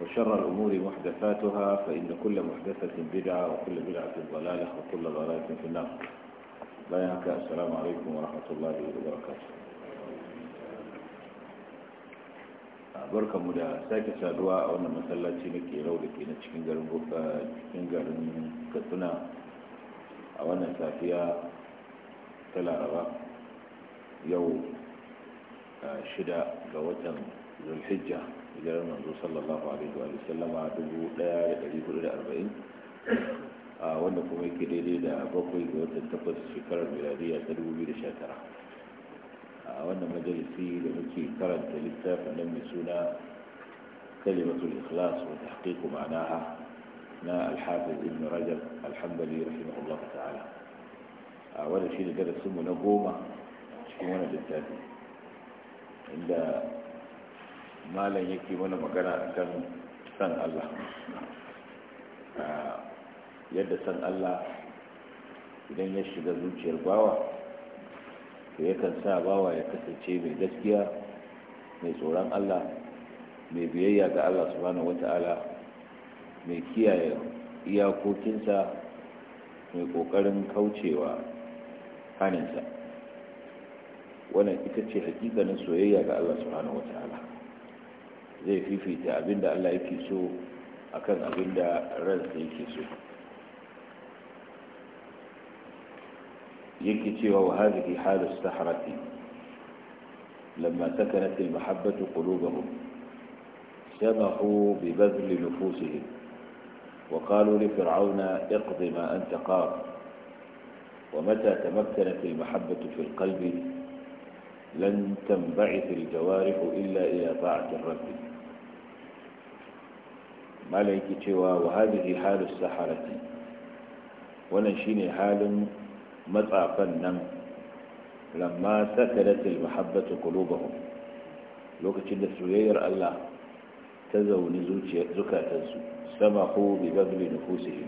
وشر الأمور محدثاتها فإن كل محدثة بدعة وكل بدعة ضلالة وكل ضلالة في النار لا ينكى السلام عليكم ورحمة الله وبركاته بركة مدى ساكي سادواء وانا مثلا تينك يرولك انا تشكنجر مبوكا تشكنجر كتنا وانا ساكيا تلا ربا يوم آه، شدا قوة ذو الحجة hijirar manzo sallallahu alaihi wa sallama dubu daya da dari hudu da arba'in a wanda kuma yake daidai da bakwai ga watan takwas shekarar miladiya ta dubu biyu da sha tara a wannan majalisi da muke karanta littafin nan mai suna kalimatul ikhlas wa tahqiqu manaha, na alhafiz ibn rajab alhambali rahimahullah ta'ala a wanda shi ne darasinmu na goma cikin wannan littafi inda malam yake mana magana akan san Allah ah, yadda san Allah idan ya shiga zuciyar bawa to yakan sa bawa ya kasance mai gaskiya mai tsoron Allah mai biyayya ga Allah subhanahu wata'ala mai kiyaye iyakokinsa mai ƙoƙarin kaucewa haninsa wannan ita ce hakikanin soyayya ga Allah subhanahu wata'ala zai fifita abinda Allah yake so akan abinda ransa yake so yake cewa wa hadhihi halu sahrati lamma sakanat al-mahabbatu qulubahum سمحوا ببذل نفوسهم وقالوا لفرعون اقض ما أنت قاض ومتى تمكنت المحبة في القلب لن تنبعث الجوارح إلا إلى طاعة الرب mala yake cewa wa hadhihi halus saharati wannan shine halin matsafan nan lamma sakaratil mahabbatu qulubuhum lokacin da soyayyar Allah ta zauni zuciyar zukatansu sama ko bi bazli nufusihim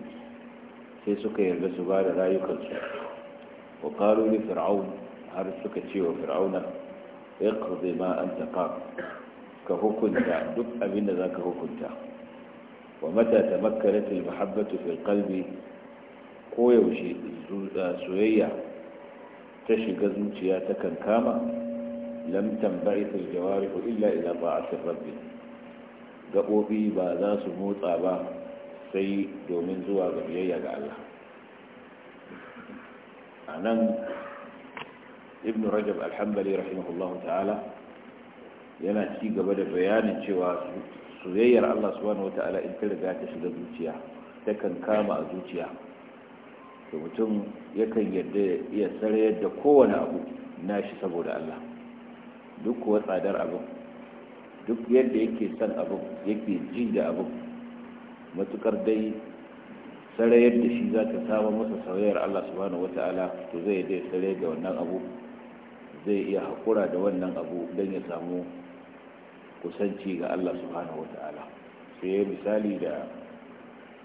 sai suka yarda su bada rayukansu wa qalu li fir'aun har suka ce wa fir'auna iqdi ma anta qad ka hukunta duk abin da zaka hukunta wa mata tamakkarat al-mahabbatu fi qalbi ko yaushe soyayya ta shiga zuciya ta kankama lam tanba'ith al-jawarih illa ila ta'ati rabbi gabobi ba za su motsa ba sai domin zuwa ga biyayya ga Allah anan ibn rajab al-hanbali rahimahullahu ta'ala yana ci gaba da bayanin cewa soyayyar Allah subhanahu ta'ala in ta riga ta shiga zuciya ta kan kama a zuciya to mutum yakan yarda ya sarayar da kowane abu shi saboda Allah duk kuwa tsadar abin duk yadda yake san abin yake ji da abin matukar dai sarayar da shi za ta samu masa soyayyar Allah subhanahu ta'ala to zai yarda ya sare da wannan abu zai iya haƙura da wannan abu don ya samu kusanci ga Allah subhanahu wata'ala sai ya misali da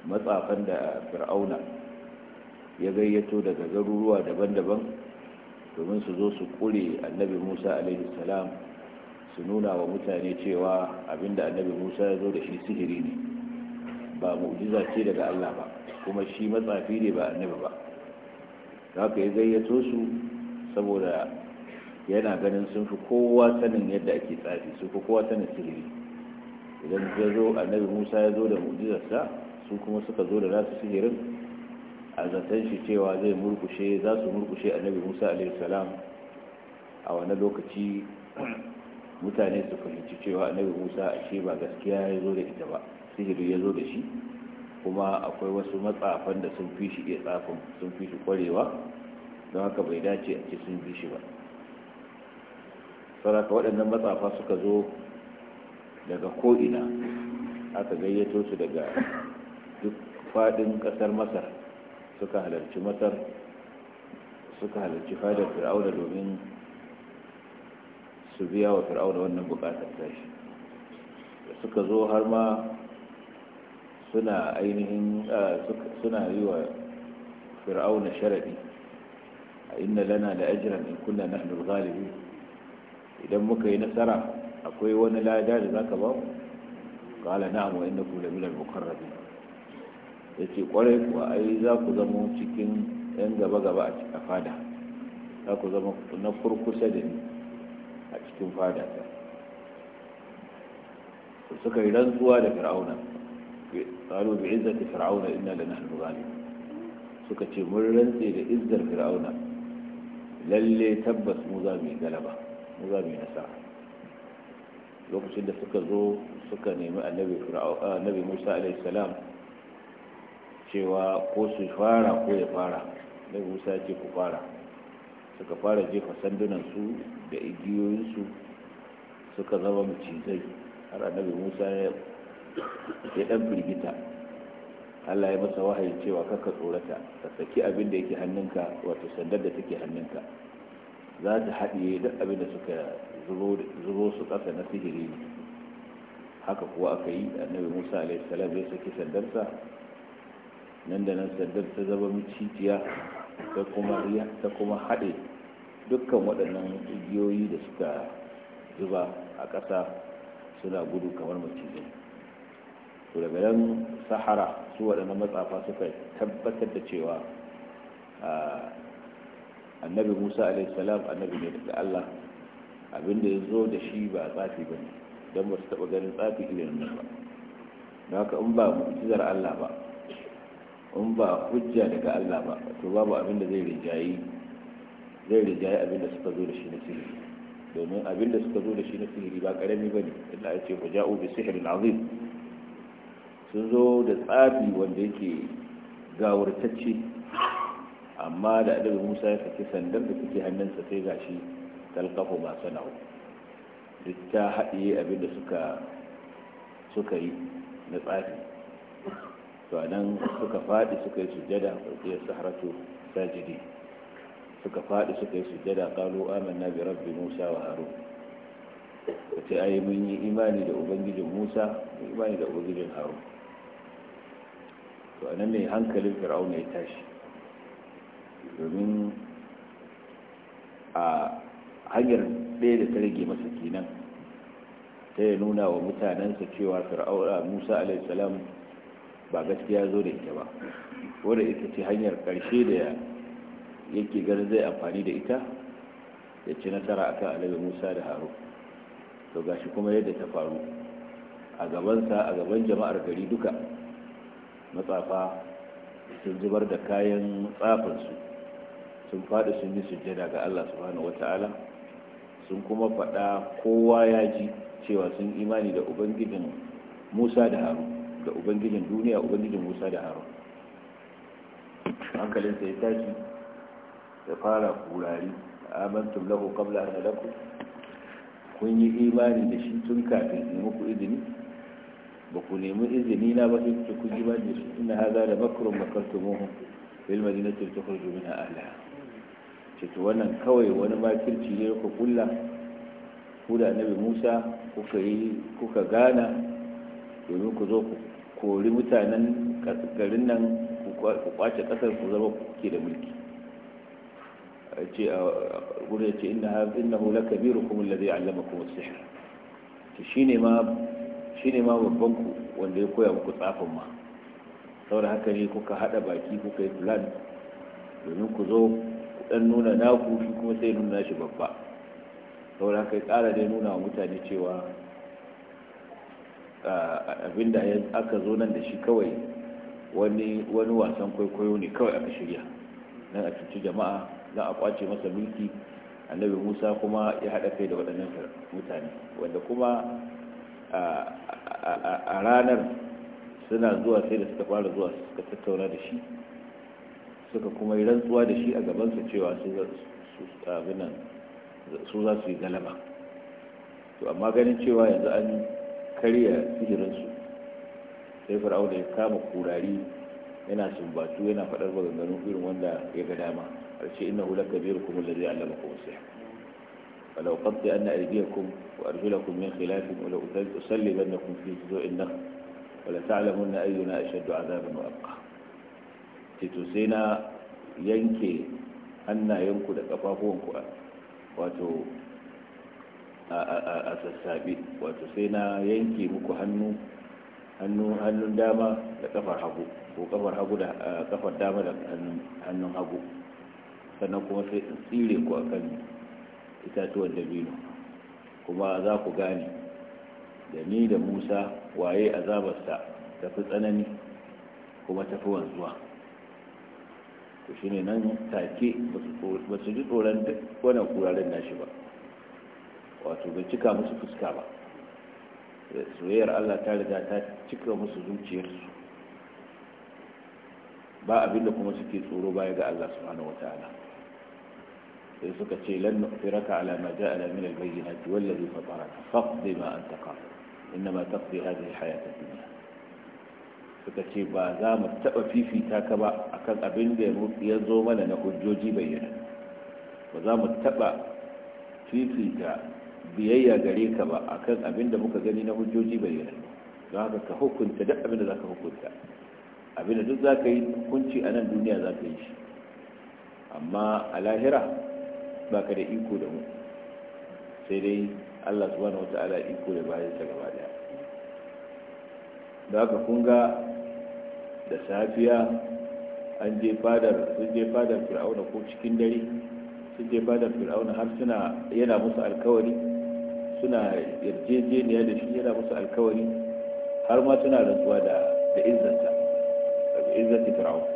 matsafan da fir'auna ya gayyato daga garuruwa daban-daban domin su zo su kure annabi musa alaihi salam su nuna wa mutane cewa abinda annabi musa ya zo da shi sihiri ne ba mu'jiza ce daga allah ba kuma shi matsafi ne ba annabi ba za ka yi gayyato su saboda yana ganin sun fi kowa sanin yadda ake tsafi sun fi kowa sanin sihiri idan ya zo annabi musa ya zo da mu'jizarsa su kuma suka zo da nasu sihirin a zaton shi cewa zai murkushe za su murkushe annabi musa alaihissalam a wani lokaci mutane su fahimci cewa annabi musa ashe ba gaskiya ya zo da ita ba sihiri ya zo da shi kuma akwai wasu matsafan da sun fi shi iya tsafin sun fi shi kwarewa don haka bai dace a ce sun fi shi ba sauraka waɗannan matsafa suka zo daga ko'ina aka gayyato su daga duk faɗin ƙasar masar suka halarci masar suka halarci fadar fir'auna domin su biya wa fir'auna wannan buƙatar tashi da suka zo har ma suna ainihin suna yi wa fir'auna sharaɗi a inna lana da ajiran in kunna nahnu galibi idan muka yi nasara akwai wani lada da zaka ba mu qala na'am wa innakum la minal ya yace kwarai ku ai za ku zama cikin yan gaba gaba a cikin fada za ku zama na kurkusa da ni a cikin fada ta suka yi rantsuwa da fir'auna qalu bi izzati fir'auna inna al ghalib suka ce mun rantse da izzar fir'auna lalle tabbas mu za mu yi galaba mu za mu yi nasara lokacin da suka zo suka nemi annabi eh, musa salam cewa ko su fara ko ya fara annabi musa ya ce ku fara suka fara jefa sandunan su da igiyoyin su suka zama macizai har annabi musa ya dan firgita Allah ya masa wahayi cewa kaka tsorata ka saki abin da yake hannunka wato sandar da take hannunka za ta haɗiye duk abin da suka zubo su ƙasa na sihiri haka kuwa aka yi annabi musa alaihissalam ya saki sandarsa nan da nan sandar ta zama miciciya ta kuma haɗe dukkan waɗannan igiyoyi da suka zuba a ƙasa suna gudu kamar macizai to daga nan sahara su waɗannan matsafa suka tabbatar da cewa ah, annabi musa alaihissalam annabi ne daga allah abinda ya zo da shi ba tsafi ba ne don ba su taɓa ganin tsafi irin nan ba da haka in ba mu'jizar allah ba in ba hujja daga allah ba to babu abinda zai rijayi zai rijayi abinda suka zo da shi na sihiri domin abinda suka zo da shi na sihiri ba karami ba ne illa ya ce faja'u bi sihirin azim sun zo da tsafi wanda yake gawurtacce amma da adabi musa ya saki sandan da take hannunsa sai gashi talqafu ba sana'u duk ta haɗiye abin da suka suka yi na tsafi to anan suka faɗi suka yi a kwanciyar saharatu sajidi suka faɗi suka yi sujada ƙalu amanna bi rabbi musa wa harun ka ce ai mun yi imani da ubangijin musa mun imani da ubangijin harun to anan mai hankalin fir'auna ya tashi domin a hanyar ɗaya da ta rage masa kenan ta ya nuna wa mutanensa cewa fir'auna musa alaihissalam ba gaskiya zo da ita ba wadda ita ce hanyar ƙarshe da yake ganin zai amfani da ita ya ci nasara akan alaihi musa da haru to gashi kuma yadda ta faru a gabansa a gaban jama'ar gari duka matsafa sun zubar da kayan tsafinsu sun faɗi sun yi sujjada ga Allah subhanahu wata'ala sun kuma faɗa kowa ya ji cewa sun imani da ubangijin Musa da Harun da ubangijin duniya ubangijin Musa da Harun hankalin sai tashi da fara kurari amantum lahu qabla an lakum kun yi imani da shi tun kafin in muku izini ba ku nemi izini na ba sai ku ji ba ne inna hadha la makrun makartumuhu fil madinati tukhriju minha ahliha ce wannan kawai wani makirci ne ku kulla ku da annabi musa kuka yi kuka gana domin ku zo ku kori mutanen garin nan ku kwace kasar ku zama ke da mulki a ce a gudu ce inna innahu lakabirukum alladhi allamakum as-sihr to shine ma shine ma babban ku wanda ya koya muku tsafin ma saboda haka ne kuka haɗa baki kuka yi plan domin ku zo dan nuna naku shi kuma sai nuna shi babba saboda kai kara dai nuna wa mutane cewa abinda aka zo nan da shi kawai wani wani wasan kwaikwayo ne kawai aka shirya nan a cuci jama'a za a kwace masa mulki annabi musa kuma ya haɗa kai da waɗannan mutane wanda kuma a ranar suna zuwa sai da suka fara zuwa suka tattauna da shi suka kuma yi rantsuwa da shi a gabansa cewa su za su yi galaba to amma ganin cewa yanzu an karya sihirinsu sai fir'auna ya kama kurari yana sumbatu yana faɗar maganganun irin wanda ya ga dama a ce inna hula kabiru kuma lalai allama kuma sai falau qabti anna aydiyakum wa arjulakum min khilafin wa la kun fi zu'in nakhl wa la na ayyuna ashaddu 'adaban wa abka. to sai na yanke hannayenku da ƙafafuwanku wato a sassabi wato sai na yanke muku hannu hannun dama da kafar hagu ko kafar hagu da kafar dama da hannun hagu sannan kuma sai in tsire ku akan itatuwan dabino kuma za ku gane da ni da musa waye azabarsa tafi tsanani kuma tafi wanzuwa to shine nan take ba su ji tsoron duk wannan kuraren nashi ba wato bai cika musu fuska ba soyayyar Allah ta riga ta cika musu zuciyarsu ba abinda kuma suke tsoro baya ga Allah subhanahu wataala sai suka ce lan nu'tiraka ala ma ja'ala min al-bayyinati wallazi fataraka faqdi ma anta qad inma taqdi hadhihi al-hayata ad-dunya suka ce ba za mu taɓa fifita ka ba a kan abin da ya zo mana na hujjoji bayyana ba za mu taɓa fifita biyayya gare ka ba a kan abin da muka gani na hujjoji bayyana don haka ka hukunta duk abin da za ka hukunta abin da duk za ka yi hukunci a nan duniya za ka yi shi amma a lahira ba ka da iko da mu sai dai allah subhanahu wa ta'ala iko da bayansa gaba daya da kun ga da safiya an je fadar sun je fadar fir'auna ko cikin dare sun je fadar fir'auna har suna yana musu alkawari suna yarjejeniya da shi yana musu alkawari har ma suna rantsuwa da da izzata da fir'auna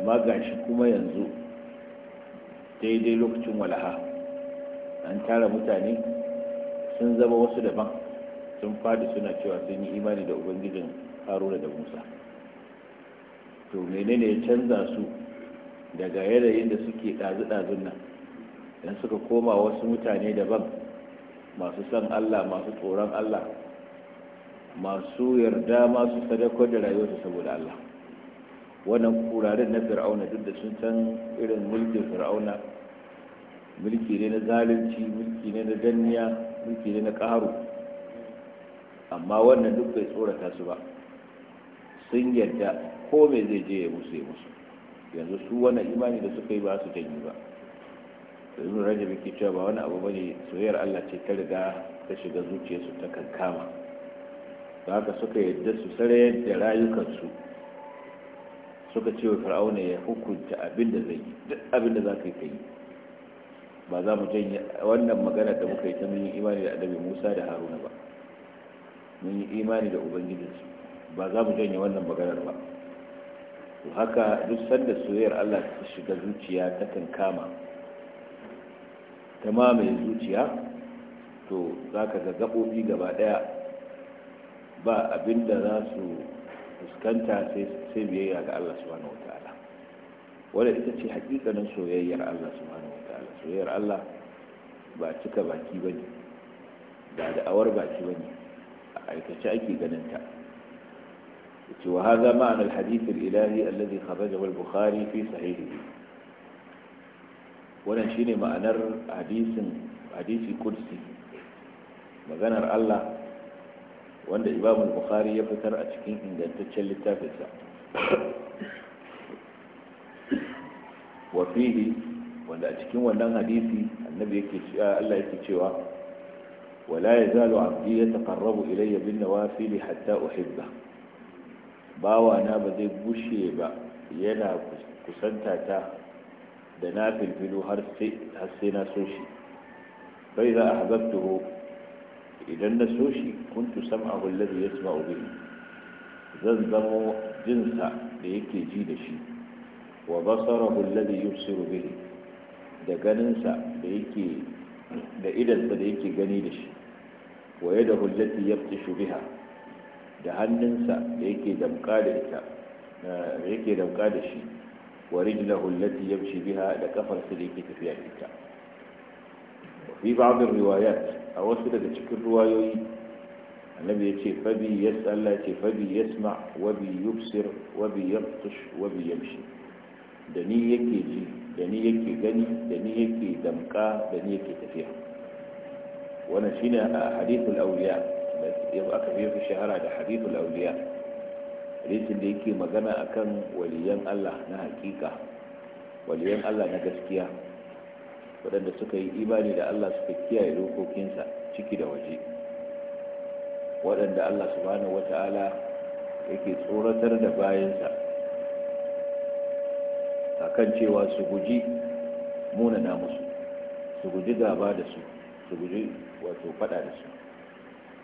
amma ga shi kuma yanzu daidai lokacin walaha an tara mutane sun zama wasu daban sun fadi suna cewa sun yi imani da ubangijin haruna da musa to menene ya canza su daga yanayin da suke ɗazu-ɗazun nan don suka koma wasu mutane daban masu san allah masu tsoron allah masu yarda masu sadakar da rayuwarsu saboda allah wannan kurarin na fir'auna duk da sun san irin mulkin fir'auna mulki ne na zalunci mulki ne na danniya mulki ne na ƙaru amma wannan duk bai tsorata su ba sun yarda ko me zai je ya musu ya musu yanzu su wannan imani da suka yi ba su janyi ba da ibn rajab yake cewa ba wani abu bane soyayyar Allah ce ta riga ta shiga zuciyarsu ta kankama da haka suka yadda su sarayar da rayukansu suka ce wa fir'auna ya hukunta abin da zai yi duk abin da za ka yi ka ba za mu janye wannan magana da muka yi ta mun imani da annabi Musa da Haruna ba mun yi imani da ubangijinsu ba za mu janye wannan maganar ba to haka duk sanda soyayyar Allah ta shiga zuciya ta kan kama, ta mamaye zuciya to za ka ga gaɓoɓi gaba ɗaya ba abinda za su fuskanta sai biyayya ga Allah subhanahu wataala wadda ita ce hakikanin soyayyar Allah subhanahu wataala soyayyar Allah ba cika baki bane ba da awar baki bane a aikace ake ganinta. ta yace wa hadha ma'ana al-hadith ilahi alladhi kharajahu al-bukhari fi sahihihi wannan shine ma'anar hadisin hadisi kursi maganar Allah wanda Imam Bukhari ya fitar a cikin ingantaccen littafinsa wa fihi wanda a cikin wannan hadisi annabi yake cewa Allah yake cewa ولا يزال عبدي يتقرب إلي بالنوافل حتى أحبه باوانا بذي بشيبا ينا كسنتاتا دنافل فلو هرسينا سوشي فإذا أحببته إذا نسوشي كنت سمعه الذي يسمع به زنزم جنسا ليكي جيدشي وبصره الذي يبصر به دقننسا ليكي da idansa da yake gani da shi wa yadahu ya yabtishu biha da hannunsa da yake damka da ita da yake damka da shi wa rijlahu allati yamshi biha da kafarsa da yake tafiya da ita fi ba'd riwayat a wasu daga cikin ruwayoyi. annabi ya ce fabi yas Allah ce fabi yasma wa bi yubsir wa bi yabtish wa bi yamshi da ni yake ji da ni yake gani da ni yake damka da ni yake tafiya wannan shine ah, hadithul awliya da aka fi shahara da hadithul auliya hadisin da yake magana akan waliyan Allah na hakika waliyan Allah na gaskiya waɗanda suka yi imani da Allah suka kiyaye dokokinsa ciki da waje waɗanda Allah subhanahu wata'ala yake tsoratar da bayansa akan cewa su guji munana musu su guji gaba da su su guji wato fada da su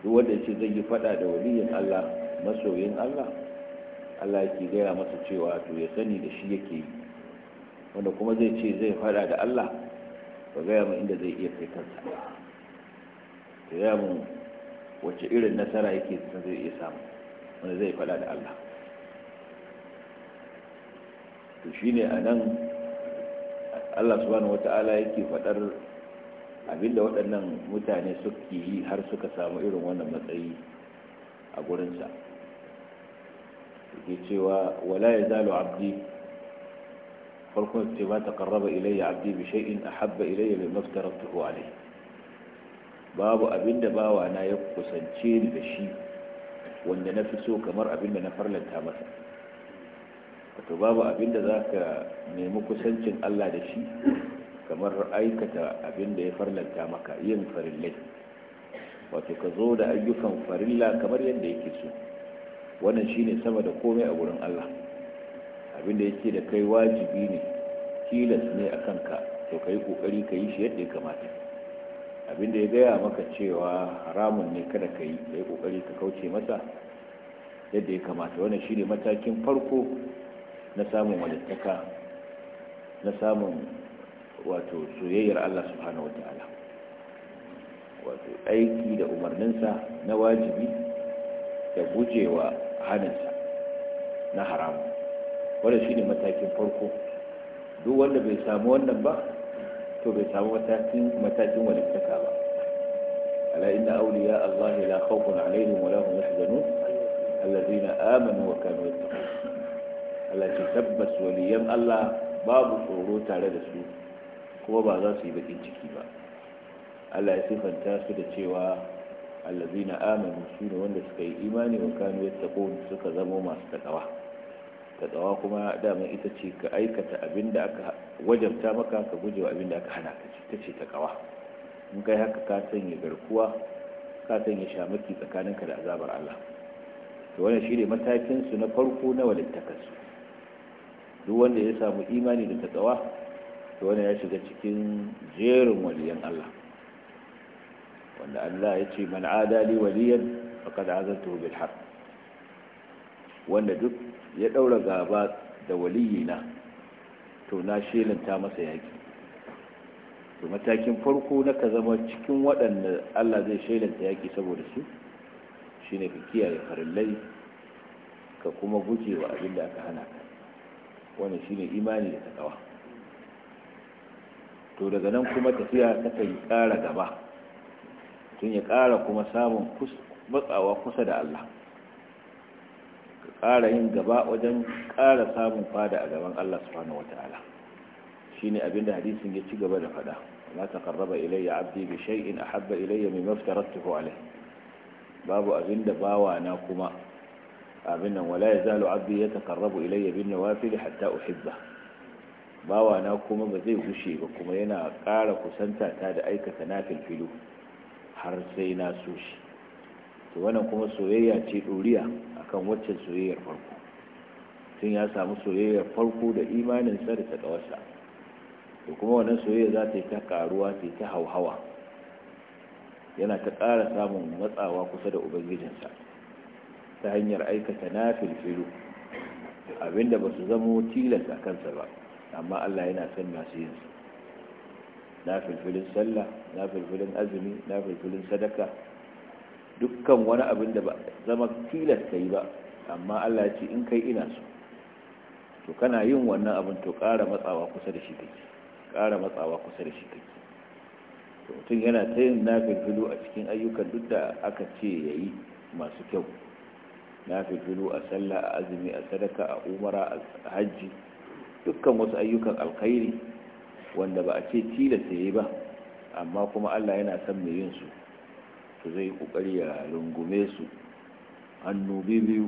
duk wanda ce zai yi fada da waliyin Allah masoyin Allah Allah yake gaya masa cewa to ya sani da shi yake yi wanda kuma zai ce zai fada da Allah ba gaya mu inda zai iya kai kansa ya gaya mu wacce irin nasara yake zai iya samu wanda zai fada da Allah to shine a nan Allah subhanahu wata'ala yake faɗar abinda waɗannan mutane suke yi har suka samu irin wannan matsayi a gurinsa yake cewa wala ya zalo abdi farkon ce ma ta karraba ilayya abdi bi a habba ilayya min maftaratuhu alayhi babu abinda bawa na ya kusance ni da shi wanda na fi so kamar abinda na farlanta masa wato babu abinda zaka nemi kusancin Allah da shi kamar aikata abin da ya farlanta maka yin farillai wato ka zo da ayyukan farilla kamar yadda yake so wannan shine sama da komai a wurin Allah abin da yake da kai wajibi ne tilas ne a kanka to ka yi ƙoƙari ka yi shi yadda ya kamata abin da ya gaya maka cewa haramun ne kada ka yi ka yi ƙoƙari ka kauce masa yadda ya kamata wannan shine matakin farko na samun walittaka na samun wato soyayyar Allah subhanahu wataala wato aiki da umarninsa na wajibi da gujewa haninsa na haramu wanda shine matakin farko duk wanda bai samu wannan ba to bai samu matakin matakin walittaka ba ala inna ya Allah la khawfun alaihim wa la hum yahzanun alladhina amanu wa kanu yattaqun Allah ce tabbas waliyan Allah babu tsoro tare da su kuma ba za su yi bakin ciki ba Allah ya sifanta su da cewa allazina amanu su ne wanda suka yi imani wa kanu yattaqun suka zama masu takawa takawa kuma dama ita ce ka aikata abin da aka wajabta maka ka guje wa abin da aka hana ka ta ce takawa in kai haka ka sanya garkuwa ka sanya shamaki tsakaninka da azabar Allah to wannan shine matakin su na farko na walittakarsu duk wanda ya samu imani da takawa wani ya shiga cikin jerin waliyan Allah wanda Allah ya ce man adali waliyan faqad azantuhu bil haqq wanda duk ya daura gaba da waliyina to na shelanta masa yaki to matakin farko na ka zama cikin waɗanda Allah zai shelanta yaki saboda su shine ka kiyaye farillai ka kuma guje wa abin da aka hana ka wannan shine imani da takawa to daga nan kuma tafiya ta kai ƙara gaba tun ya ƙara kuma samun matsawa kusa da Allah ka ƙara yin gaba wajen ƙara samun fada a gaban Allah subhanahu wata'ala shi ne abinda hadisin ya ci gaba da fada na ta karraba ilayya abdi bi shay'in ahabba ilayya mai maftaratuhu alai babu abinda bawa na kuma abin nan wala yazalu abdi ya takarrabu ilayya bin nawafil hatta uhibba bawana kuma ba zai gushe ba kuma yana ƙara kusanta ta da aikata na filfilo har sai na so shi to wannan kuma soyayya ce ɗoriya akan waccan soyayyar farko tun ya samu soyayyar farko da imaninsa da taƙawarsa to kuma wannan soyayya za ta yi ta ƙaruwa ta yi ta hauhawa yana ta ƙara samun matsawa kusa da ubangijinsa ta hanyar aikata na filfilo abinda ba su zamo tilas kansa ba amma Allah yana son masu yin su na filfilin sallah na filfilin azumi na filfilin sadaka dukkan wani abin da ba zama tilasta yi ba amma Allah ya ce in kai ina so to kana yin wannan abin to ƙara matsawa kusa da shi kake ƙara matsawa kusa da shi kake to mutum yana ta yin nafilfilu a cikin ayyukan duk da aka ce ya yi masu kyau nafilfilu a sallah a azumi a sadaka a umara a hajji dukkan wasu ayyukan alkhairi wanda ba a ce tilasta yi ba amma kuma Allah yana son mai yin su to zai kokari ya rungume su hannu biyu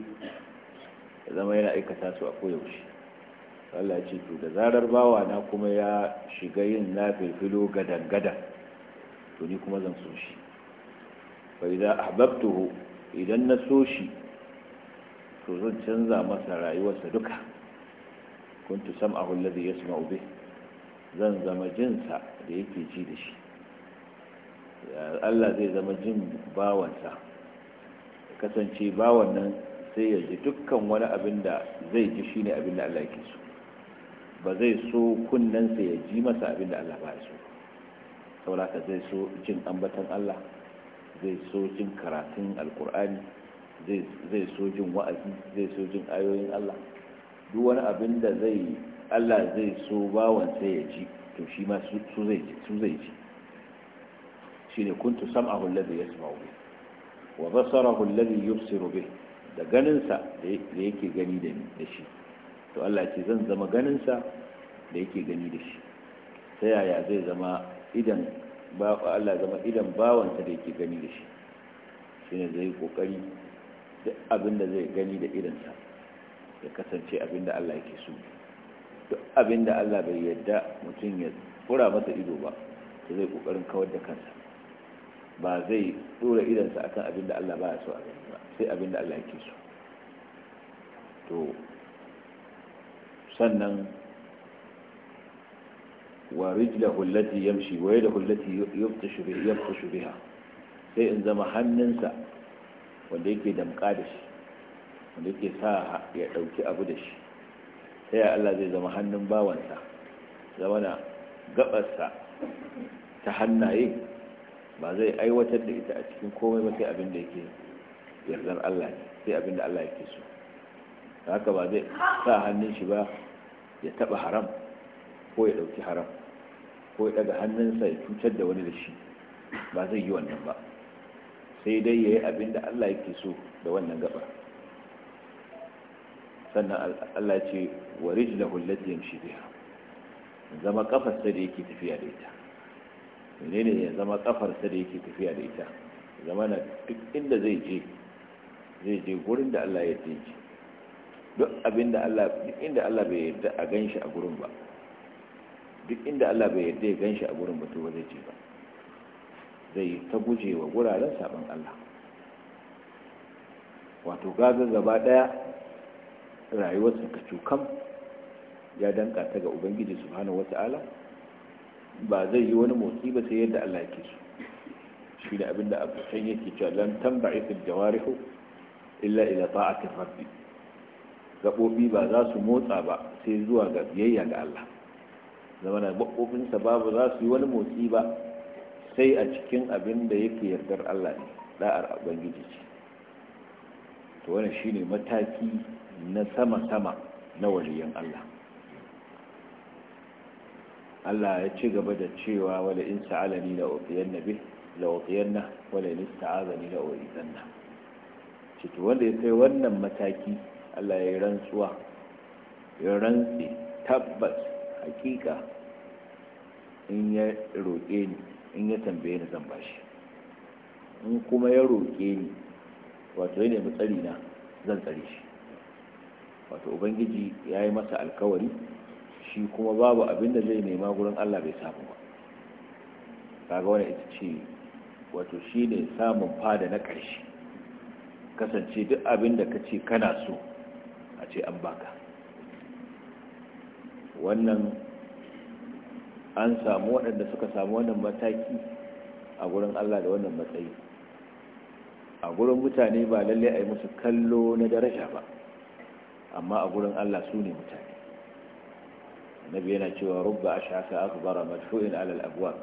ya zama yana aikata su a koyaushe Allah ce to da zarar bawa na kuma ya shiga yin na filfilo gadan-gadan to ni kuma zan so shi bai za ahbabtuhu idan na so shi to zan canza masa rayuwarsa duka kuntu sam'ahu alladhi yasma'u bih zan zama jinsa da yake ji da shi Allah zai zama jin bawansa kasance bawan nan sai ya ji dukkan wani abin da zai ji shine abin da Allah yake so ba zai so kunnensa ya ji masa abin da Allah ba ya so sauraka zai so jin ambatan Allah zai so jin karatun alkur'ani zai so jin wa'azi zai so jin ayoyin Allah duk wani abin da zai Allah zai so bawan sai ya ji to shi ma su zai ji su zai ji ne kuntu sam'ahu alladhi yasma'u bi wa basarahu alladhi yubsiru bi da ganinsa da yake gani da shi to Allah ce zan zama ganinsa da yake gani da shi ta yaya zai zama idan ba Allah zama idan bawansa da yake gani da shi shine zai kokari duk abin da zai gani da sa? ya kasance abinda Allah yake so duk abinda Allah bai yadda mutum ya kura masa ido ba to zai kokarin kawar da kansa ba zai dora sa akan abinda Allah ba ya so a gani ba sai abinda Allah yake so to sannan wa rijlahu allati yamshi wa yadahu allati yabtashu biha sai in zama hannunsa wanda yake damƙa da shi wanda yake sa ya ɗauki abu da shi sai Allah zai zama hannun bawansa zama na gabarsa ta hannaye ba zai aiwatar da ita a cikin komai ba sai abin da yake yardar Allah sai abin da Allah yake so haka ba zai sa hannun shi ba ya taba haram ko ya dauki haram ko ya daga hannunsa ya cutar da wani da shi ba zai yi wannan ba sai dai ya yi abin da Allah yake so da wannan gaba sannan Allah ya ce wa rijlahu allati yamshi biha zama sa da yake tafiya da ita menene ya zama sa da yake tafiya da ita zama na duk inda zai je zai je gurin da Allah ya je shi duk abinda Allah duk inda Allah bai yarda a ganshi a gurin ba duk inda Allah bai yarda ya ganshi a gurin ba to ba zai je ba zai ta guje wa guraren saban Allah wato gaza gaba daya rayuwarsa ka cukam ya danka ta ga ubangiji subhanahu wata'ala ba zai yi wani motsi ba sai yadda Allah yake so shi da abinda abu can yake cewa lan tamba'i fil jawarihu illa ila ta'atir rabbi gabobi ba za su motsa ba sai zuwa ga biyayya ga Allah zama na sa ba za su yi wani motsi ba sai a cikin abin da yake yardar Allah ne da'ar ubangiji ce to wannan shine mataki na sama-sama na waliyan Allah Allah ya ci gaba da cewa wala in sa'alani la uqiyanna bih la uqiyanna wala in da la uizanna ciki wanda ya kai wannan mataki Allah ya yi rantsuwa ya rantsi tabbas hakika in ya roƙe ni in ya tambaye ni zan bashi in kuma ya roƙe ni wato ya nemi tsari na zan tsare shi wato ubangiji ya yi masa alkawari shi kuma babu abin da zai nema gurin allah bai samu ba kaga wani ita ce wato shi ne samun fada na ƙarshe kasance duk abin da ka ce kana so a ce an baka wannan an samu waɗanda suka samu wannan mataki a gurin allah da wannan matsayi a gurin mutane ba lallai a yi musu kallo na daraja ba amma a gurin Allah su ne mutane nabi yana cewa rubba ashaka akbara madfu'in ala alal abuwa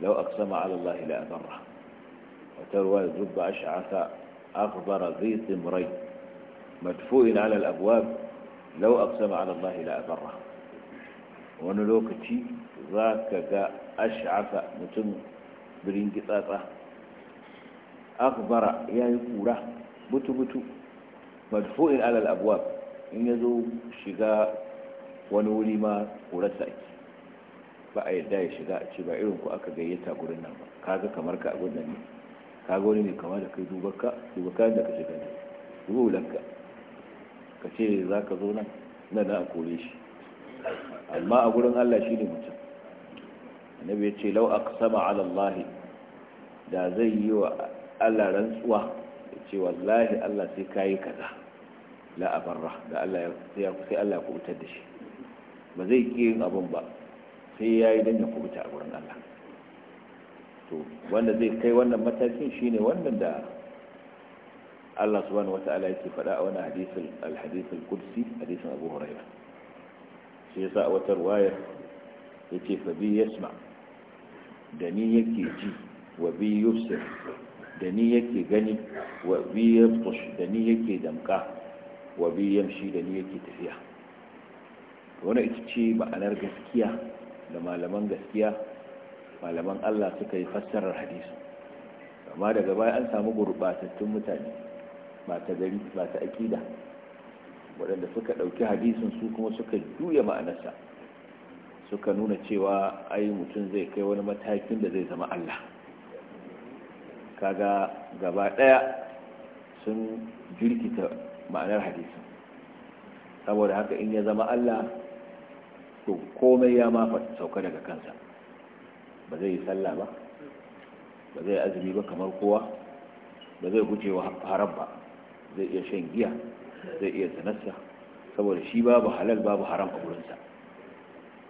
lau a sama alallahi la abarra wa tarwa rubba ashaka akbara dhi zai madfu'in ala alal abuwa lau a sama alallahi la abarra wani lokaci za ka ga a ashaka mutum birin gitsatsa ya yi kura butu butu madfu'in alal abwab in ya zo shiga wani wuri ma kurarsa ake ba a yadda ya shiga a ce ba irin ku aka gayyata gurin nan ba kaga kamar ka abin nan ne kaga wani mai kama da kai duba ka duba ka da ka shiga ne dubu wulanka ka ce za ka zo nan nan na a kore shi amma a gurin Allah shi ne mutum annabi ya ce lau aqsama ala Allah da zai yi wa Allah rantsuwa ya ce wallahi Allah sai kayi kaza la abarra da Allah ya sai Allah ya kubutar da shi ba zai ki yin abun ba sai ya yi don ya kubuta a wurin Allah to wanda zai kai wannan matakin shine wannan da Allah subhanahu wata'ala yake faɗa a wani hadisul al-hadisul hadisin Abu Hurairah shi yasa a wata riwayar yace fa bi yasma da ni yake ji wa bi yusir da ni yake gani wa bi yabtush da ni yake damka wa bi yamshi da ni yake tafiya wani ita ce ma'anar gaskiya da malaman gaskiya malaman Allah suka yi fassarar hadisi amma daga baya an samu gurbatattun mutane ba ta gari ba ta akida waɗanda suka ɗauki hadisin su kuma suka juya ma'anarsa suka nuna cewa ai mutum zai kai wani matakin da zai zama Allah kaga gaba ɗaya sun jirkita ma'anar hadisin saboda haka in ya zama Allah to komai ya ma sauka daga kansa ba zai yi sallah ba ba zai azumi ba kamar kowa ba zai guje wa haram ba zai iya shan giya zai iya zanarsa saboda shi babu halal babu haram a wurinsa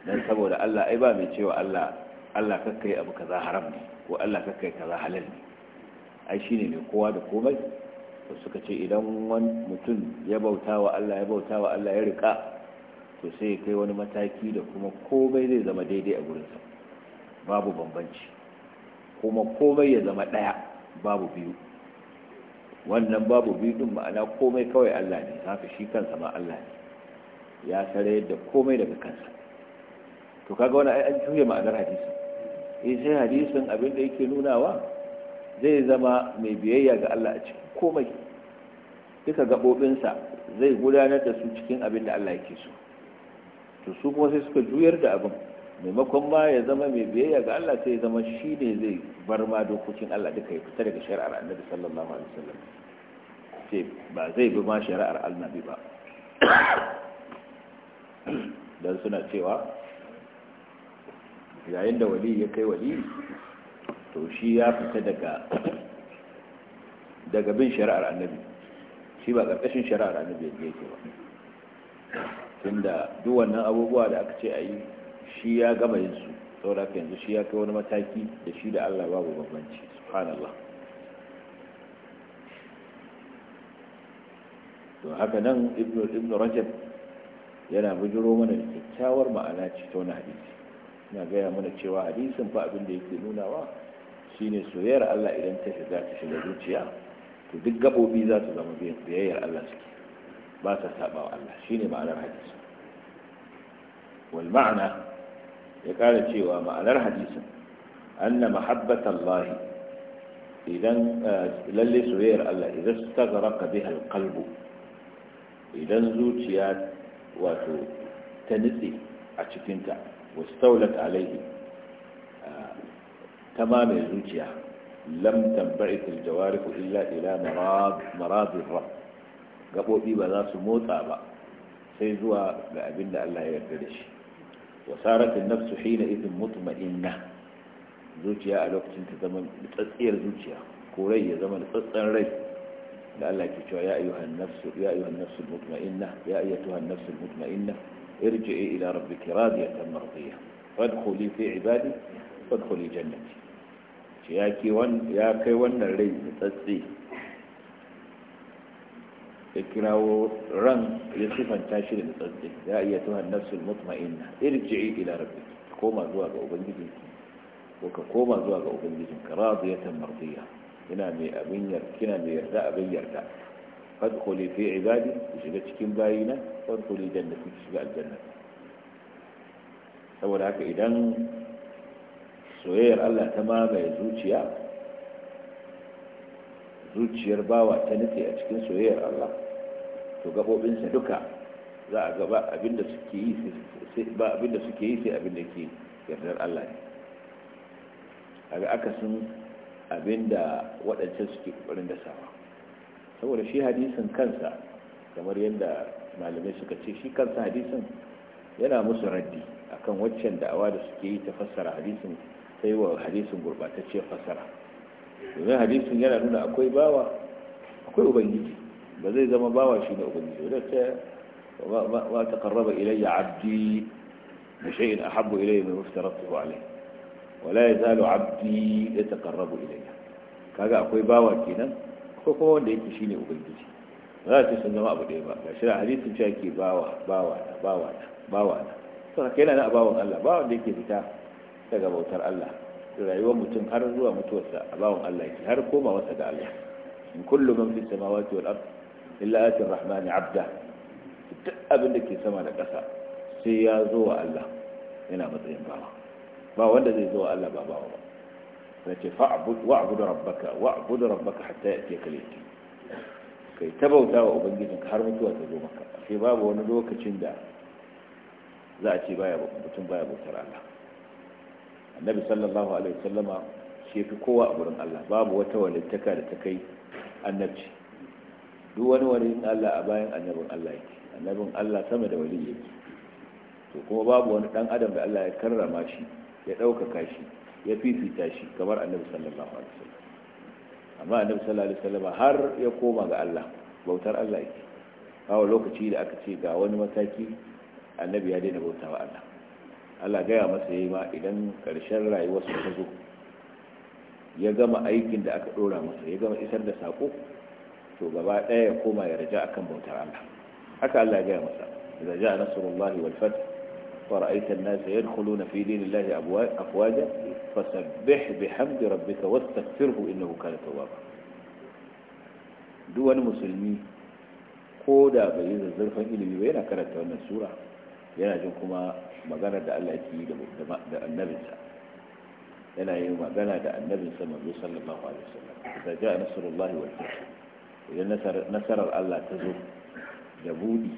don saboda Allah ai ba mai cewa Allah Allah kakkai abu kaza haram ne ko Allah kakkai kaza halal ne ai shine mai kowa da komai suka ce idan wani mutum ya bauta wa Allah ya bauta wa Allah ya rika to sai kai wani mataki da kuma komai zai zama daidai a gurinsa babu bambanci kuma komai ya zama ɗaya babu biyu wannan babu biyu din ma'ana komai kawai Allah ne haka shi kansa ma Allah ne ya sare da komai daga kansa to kaga wani ai an juya ma'anar hadisi eh sai hadisin abin da yake nunawa zai zama mai biyayya ga Allah a cikin komai duka gaɓoɓinsa zai gudanar da su cikin abin da Allah yake so to su kuma sai suka juyar da abin maimakon ma ya zama mai biyayya ga Allah sai zama shi ne zai bar ma dokokin Allah duka ya fita daga shari'ar annabi sallallahu alaihi wasallam sai ba zai bi ma shari'ar annabi ba dan suna cewa yayin da wali ya kai wali to shi ya fita daga bin shari'ar annabi shi ba ƙarƙashin shari'ar annabi ya ke ba tunda duk wannan abubuwa da aka ce a yi shi ya gama yin su saboda haka yanzu shi ya kai wani mataki da shi da Allah babu bambanci subhanallah to haka nan ibnu rajab yana bujiro mana da kyakkyawar ma'ana ce ta wani hadisi ina gaya mana cewa hadisin fa abin da yake nunawa shine soyayyar Allah idan ta shiga ta shiga zuciya to duk gabobi za su zama biyayyar Allah suke ba ta saba wa Allah shine ma'anar hadisi wal ma'ana ya kara cewa ma'anar hadisin anna allah idan lalle soyayyar Allah idan ta stagraka biha alqalbu idan zuciya wato ta nitse a cikinta wastaulat alaihi كما من الجنجية لم تنبعث الجوارح إلا إلى مراد, مراد الرب قبو إيبا ناس موتا با سيزوى لأبن الله يردش وصارت النفس حينئذ مطمئنة زوجيا الوقت انت زمن لتسئير زوجيا كوري زمن لتسئير ري لأن الله يا أيها النفس يا أيها النفس المطمئنة يا أيتها النفس المطمئنة ارجعي إلى ربك راضية مرضية وادخلي في عبادي fadkhuli jannati ce ya ke ya kai wannan rai da tsatsi ya kirawo ran ya sifanta shi da tsatsi ya iya tuhan nafsul mutma'inna irji ila rabbi koma zuwa ga ubangijinki ko ka koma zuwa ga ubangijinka radiyatan mardiya ina mai abin yarda kina mai yarda abin yarda fadkhuli fi ibadi shiga cikin bayina fadkhuli jannati shiga aljanna saboda haka idan soyayyar Allah ta mamaye zuciya zuciyar bawa ta nufi a cikin soyayyar Allah to gabobinsa duka za a gaba abinda suke yi sai ba abinda suke yi sai abinda ke yardar Allah ne aka akasin abinda waɗancan suke kokarin da sawa saboda shi hadisin kansa kamar yadda malamai suka ce shi kansa hadisin yana musu raddi akan waccan da'awa da suke yi ta fassara hadisin sai wa hadisun gurbatacciyar fasara domin hadisun yana nuna akwai bawa akwai ubangiji ba zai zama bawa shi ne ubangiji wadda ta ma ta karraba ilayya abdi da shayin ahabbu ilayya mai muftaratu alai wala ya zalo abdi ya ta karrabu ilayya kaga akwai bawa kenan ko kuma wanda yake shi ne ubangiji ba za a ce sun zama abu ɗaya ba ga shi hadisin cewa ke bawa bawa na bawa na bawa na saboda kai na na bawan Allah bawan da yake fita daga bautar Allah rayuwar mutum har zuwa mutuwarsa a bawan Allah yake har koma wasa ga Allah in kullu man fi samawati wal ard illa atir rahmani abda duk abin da ke sama da ƙasa sai ya zo wa Allah yana matsayin bawa ba wanda zai zo wa Allah ba bawa ba sai ce fa'bud wa'bud rabbaka wa'bud rabbaka hatta ya'tiyaka al-yaqin kai ta bauta wa ubangijinka har mutuwa ta zo maka sai babu wani lokacin da za a ce baya mutum baya bautar Allah annabi sallallahu alaihi wasallama shi fi kowa a gurin Allah babu wata walittaka da ta kai annabci duk wani waliyin Allah a bayan annabin Allah yake annabin Allah sama da wali yake to kuma babu wani dan adam da Allah ya karrama shi ya dauka shi ya fifita shi kamar annabi sallallahu alaihi wasallam amma annabi sallallahu alaihi wasallam har ya koma ga Allah bautar Allah yake kawo lokaci da aka ce ga wani mataki annabi ya daina bautawa Allah Allah gaya masa yi ma idan karshen rayuwarsa ta zo ya gama aikin da aka ɗora masa ya gama isar da sako to gaba ɗaya ya koma ya raja akan bautar Allah haka Allah ya gaya masa idza jaa nasrullahi wal fath wa ra'aita an-nasa yadkhuluna fi dinillahi afwaja fasabbih bihamdi rabbika wastaghfirhu innahu kana tawwaba duk wani musulmi ko da bai yi zazzarfan ilimi ba yana karanta wannan sura yana jin kuma magana da Allah yake yi da annabinsa yana yin magana da annabinsa manzo sallallahu alaihi wasallam da ja'a nasrullahi wal fath idan nasarar Allah ta zo da budi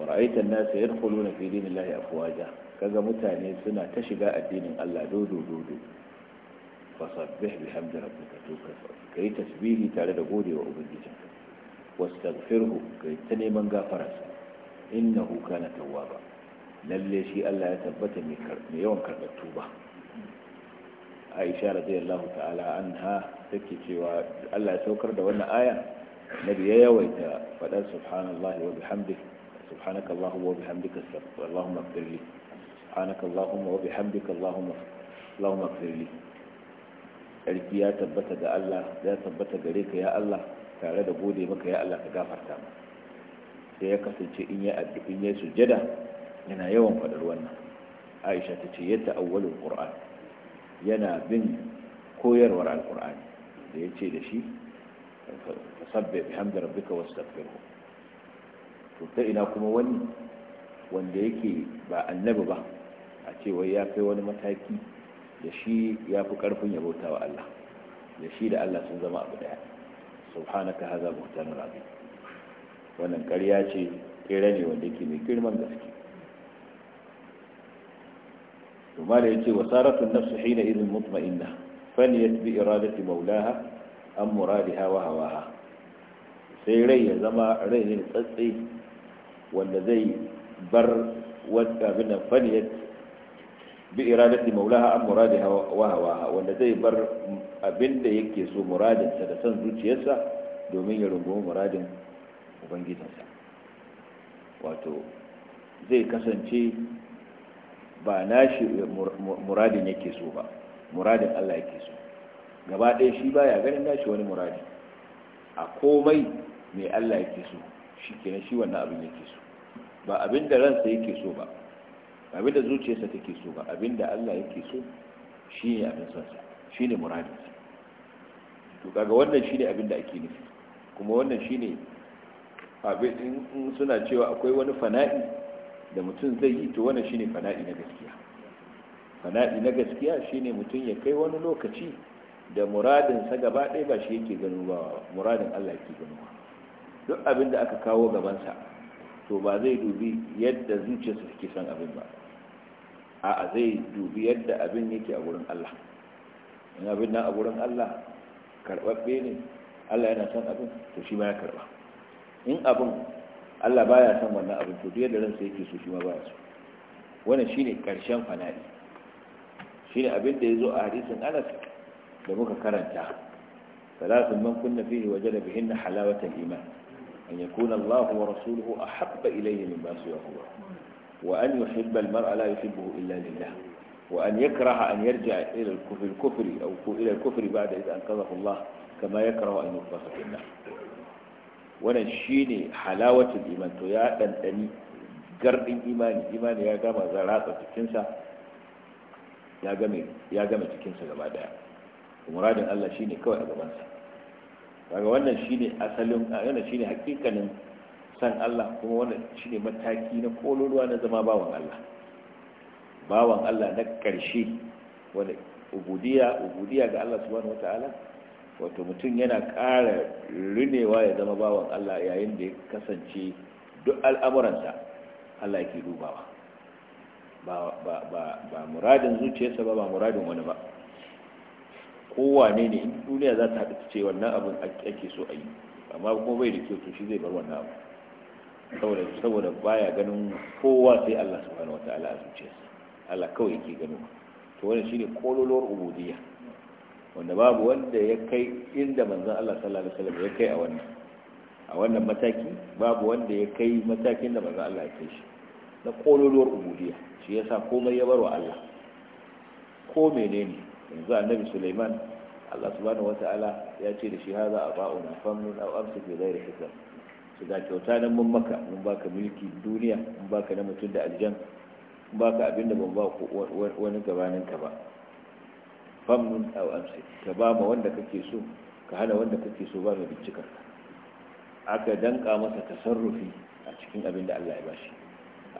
wa ra'aita an-nas yadkhuluna fi dinillahi afwaja kaga mutane suna ta shiga addinin Allah dodo dodo fasabbih bihamdi rabbika tukaffa kai tasbihi tare da godewa ubangijinka wastaghfirhu kai ta neman gafararsa Inna hukana kana tawwaba lalle shi Allah ya tabbata mai yawan karɓar tuba Aisha radiyallahu ta'ala an anha take cewa Allah ya saukar da wannan aya nabi ya yawaita faɗar subhanallahi wa bihamdihi subhanaka allahumma wa bihamdika allahumma ighfirli subhanaka allahumma wa bihamdika allahumma allahumma ighfirli sarki ya tabbata ga Allah ya tabbata gare ka ya Allah tare da gode maka ya Allah ka gafarta maka sai ya kasance in ya addu'in ya sujjada yana yawan faɗar wannan aisha ta ce yadda awwalul qur'an yana bin koyarwar alqur'ani da yace da shi fasabbih bihamdi rabbika wastaghfirhu to ta ina kuma wani wanda yake ba annabi ba a ce wai ya kai wani mataki da shi ya fi ƙarfin ya bautawa wa Allah da shi da Allah sun zama abu daya subhanaka hadha buhtanun azim wannan ƙarya ce kera ne wanda ke mai girman gaske kuma da wa wasaratun nafsu hina idin mutma'inna faniyat bi iradati maulaha an muradiha hawa hawaha sai rai ya zama rai ne tsatsi wanda zai bar wata abin faniyat bi iradati maulaha an muradiha hawa hawaha wanda zai bar abin da yake so muradinsa da son zuciyarsa domin ya rungumi muradin ubangijinsa wato zai kasance ba nashi muradin yake so ba muradin Allah yake so gaba ɗaya shi baya ganin nashi wani muradi a komai mai Allah yake so shi kenan shi wannan abin yake so ba abin da ransa yake so ba abin da zuciyarsa take so ba abin da Allah yake so shi ne abin sonsa shi ne muradinsa to kaga wannan shi ne abin da ake nufi kuma wannan shi ne abin in suna cewa akwai wani fana'i da mutum zai yi to wannan shine fana'i na gaskiya fana'i na gaskiya shine mutum ya kai wani lokaci da muradin sa gaba ɗaya ba shi yake ganin ba muradin Allah yake ganin ba duk abin da aka kawo gaban sa to ba zai dubi yadda zuciyarsa take son abin ba a'a zai dubi yadda abin yake a gurin Allah in abin nan a gurin Allah karɓaɓɓe ne Allah yana son abin to shi ma ya karɓa in abin Allah ba ya san wannan abin to duk yadda ransa yake so shi ma ba ya so wannan shine karshen fana'i shine abin da yazo a hadisin Anas da muka karanta salatun man kunna fihi wajada bihinna halawata al-iman an yakuna Allah wa rasuluhu ahabba ilayhi min mimma siwahu wa an yuhibba al-mar'a la yuhibbu illa lillah wa an وأن يكره أن يرجع إلى الكفر, الكفر أو إلى الكفر بعد إذ أنقذه الله كما يكره أن يقذف an النار wannan shine halawatul iman to ya dandani gardin imani imani ya gama cikin sa ya gama ya cikin sa gaba daya muradin Allah shine kawai a sa kaga wannan shine asalin wannan shine hakikanin san Allah kuma wannan shine mataki na kololuwa na zama bawan Allah bawan Allah na ƙarshe wanda ubudiya ubudiya ga Allah subhanahu wataala wato mutum yana ƙara rinewa ya zama bawan Allah yayin da ya kasance duk al'amuransa Allah yake dubawa ba muradin zuciyarsa ba ba muradin wani ba kowane ne in duniya za ta haɗu ce wannan abin ake so a yi amma kuma bai da kyau shi zai bar wannan abu saboda saboda baya ganin kowa sai Allah subhanahu wataala a zuciyarsa Allah kawai yake gano to shi ne kololuwar ubudiyya wanda babu wanda ya kai inda manzan Allah sallallahu alaihi wasallam ya kai a wannan a wannan mataki babu wanda ya kai matakin da manzan Allah ya kai shi na kololuwar ubudiyya shi yasa komai ya barwa Allah ko menene yanzu annabi Sulaiman Allah subhanahu wataala ya ce da shi haza na famnun aw amsik da ghairi hisab su da kyauta nan mun maka mun baka mulki duniya mun baka na mutum da aljan mun baka abinda ban ba wani gabanin ka ba famnun au amsi ka ba ma wanda kake so ka hana wanda kake so ba mai bincikar aka danka masa tasarrufi a cikin abin da Allah ya bashi